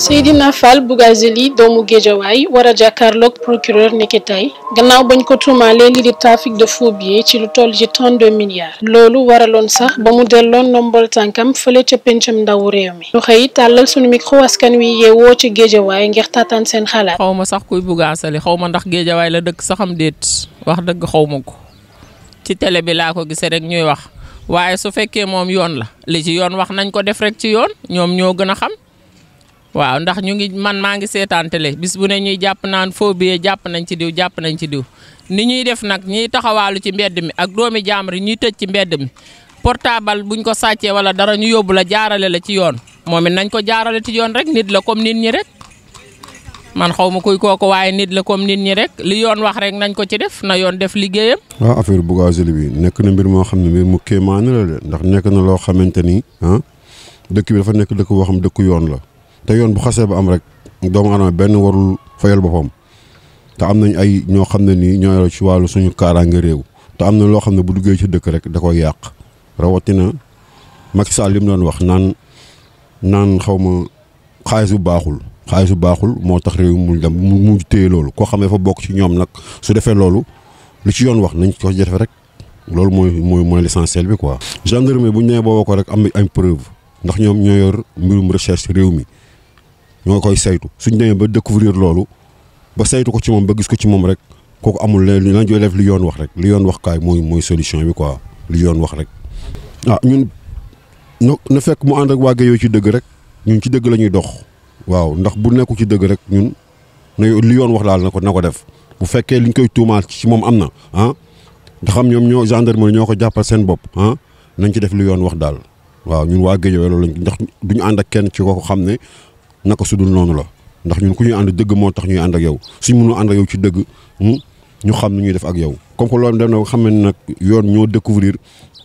Seydina Fall Bougazelli doomu Géejawaay war a jàkkaarloog procureur niki tey gannaaw bañ ko tuumaalee lii di trafic de faux billets ci lu toll ci 32 milliards loolu waraloon sax ba mu delloon ndombol tànkam fële ca pencam ndawu réew mi lu xëy tàllal suñu micro askan wi yeewoo ci Géejawaay ngir taataan seen xalaat. xaw ma sax kuy Bougazelli xaw ma ndax Géejawaay la dëkk saxam déet wax dëgg xaw ma ko ci tele bi laa ko gisee rek ñuy wax waaye su fekkee moom yoon la li yoon wax nañ ko def rek ci yoon ñoom ñoo gën a xam. waaw ndax ñu ngi man maa ngi seetaan télé bis bu ne ñuy jàpp naan faux billet jàpp nañ ci diw jàpp nañ ci diw ni ñuy def nag ñuy taxawaalu ci mbedd mi ak doomi jaamur yi ñuy tëj ci mbedd mi portable buñ ko sàccee wala dara ñu yóbbu la jaarale la ci yoon moom it nañ ko jaarale ci yoon rek nit la comme nit ñi rek man xaw ma kuy kooku waaye nit la comme nit ñi rek li yoon wax rek nañ ko ci def na yoon def liggéeyam. waaw affaire Bougazelli bi nekk na mbir moo xam ne mbir mu kéemaan la de nekk na loo xamante ni ah bi nekk dëkk boo xam yoon la. te yoon bu xasee ba am rek doomu aadama benn warul fayal boppam te am nañ ay ñoo xam ne nii ñoo ci wàllu suñu kaaraange réew te am na loo xam ne bu duggee ci dëkk rek da koy yàq rawatina Macky Sall li mu doon wax naan naan xaw ma xaalis bu baaxul xaalis bu baaxul moo tax réew mu dem mu téye loolu koo xam ne fa bokk ci ñoom nag su defee loolu lu ci yoon wax nañ ko def rek loolu mooy mooy mooy l'essentiel bi quoi. gendarmerie bu ñu nee boo ko rek am ay preuve ndax ñoom ñoo yor mbirum recherche réew mi. ñoo ngi koy saytu suñ demee ba découvrir loolu ba saytu ko ci moom ba gis ko ci moom rek kooku amul leneen lañ koy def li yoon wax rek li yoon wax kaay mooy mooy solution bi quoi li yoon wax rek. ah ñun na fekk mu ànd ak waa Guèye ci dëgg rek ñun ci dëgg la ñuy dox waaw ndax bu nekku ci dëgg rek ñun li yoon wax daal na ko na ko def bu fekkee liñ koy tuumaal ci moom am na ah nga xam ñoom ñoo gendarmerie ñoo ko jàppal seen bopp ah nañ ci def li yoon wax daal waaw ñun waa Guèye loolu lañ ndax duñu ànd ak kenn ci ko xam ne. naka su dul noonu la ndax ñun ku ñuy ànd dëgg moo tax ñuy ànd ak yow suñ mënu ànd ak yow ci dëgg hmm, ñu xam ni ñuy def ak yow comme que loolu dem na xam ne nag yoon ñoo découvrir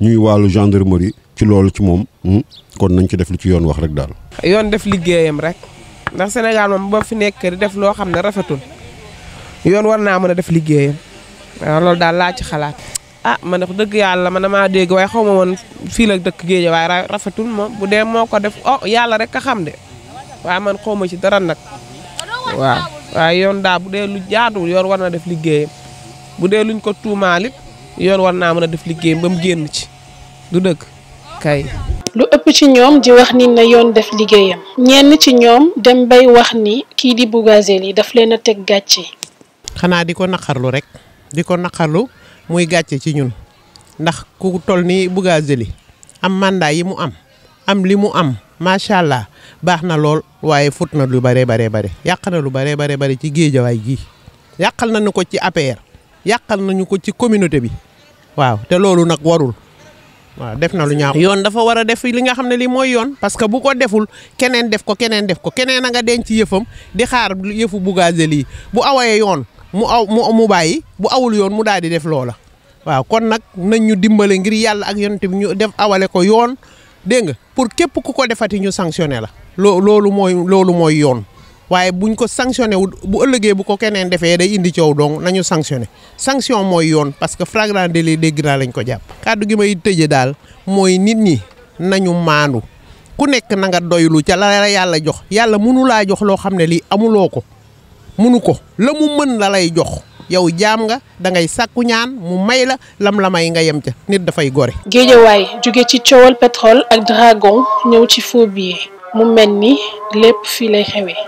ñuy wàllu gendarmerie ci loolu ci moom hmm, kon nañ ci def lu ci yoon wax rek daal. yoon def liggéeyam rek ndax Sénégal moom boo fi nekk di def loo xam ne rafetul yoon war naa mën a def liggéeyam waaw loolu daal laa ci xalaat. ah mën de dëgg yàlla man damaa dégg waaye xaw ma woon fii la dëkk géej waaye rafetul moom bu dee moo ko def oh yàlla rek a xam de. waaye man xaw ma ci dara nag waaw waaye yoon daa bu dee lu jaaduwul yoon war na def liggéeyam bu dee luñ ko tuumaalit yoon war naa mën a def liggéeyam ba mu génn ci du dëkk kay. lu ëpp ci ñoom di wax ni na yoon def liggéeyam ñenn ci ñoom dem bay wax ni kii di Bougazelli yi daf leen a teg gàcce. xanaa di ko naqarlu rek di ko naqarlu muy gàcce ci ñun ndax ku toll ni Bougazelli am màndaa yi mu am am li mu am macha allah baax na lool. waaye fut na lu bare bare bare yàq lu bare bare bare ci géejawaay gi yàqal nañu ko ci APR yàqal nañu ko ci communauté bi waaw te loolu nag warul waaw def na lu ñaaw. yoon dafa war a def li nga xam ne lii mooy yoon parce que bu ko deful keneen def ko keneen def ko keneen a nga ci yëfam di xaar yëfu Bougazelli lii bu awayee yoon mu aw mu mu bàyyi bu awul yoon mu daal di def loola. waaw kon nag nañ ñu dimbale ngir yàlla ak yonent bi ñu def awale ko yoon dégg nga pour képp ku ko defati ñu sanctionné la. loo loolu mooy loolu mooy yoon waaye buñ ko sanctionné wu bu ëllëgee bu ko keneen defee day indi coow dong nañu sanctionné sanction mooy yoon parce que flagrant délit dégg naa lañ ko jàpp. kàddu gi may tëjee daal mooy nit ñi nañu maandu ku nekk na nga doylu ca la la yàlla jox yàlla mënu laa jox loo xam ne lii amuloo ko mënu ko la mu mën la lay jox. yow jaam nga dangay ngay sàkku ñaan mu may la lam la may nga yem ca nit dafay gore. géejawaay jóge ci coowal pétrole ci faux mu mel ni lépp fii lay xewee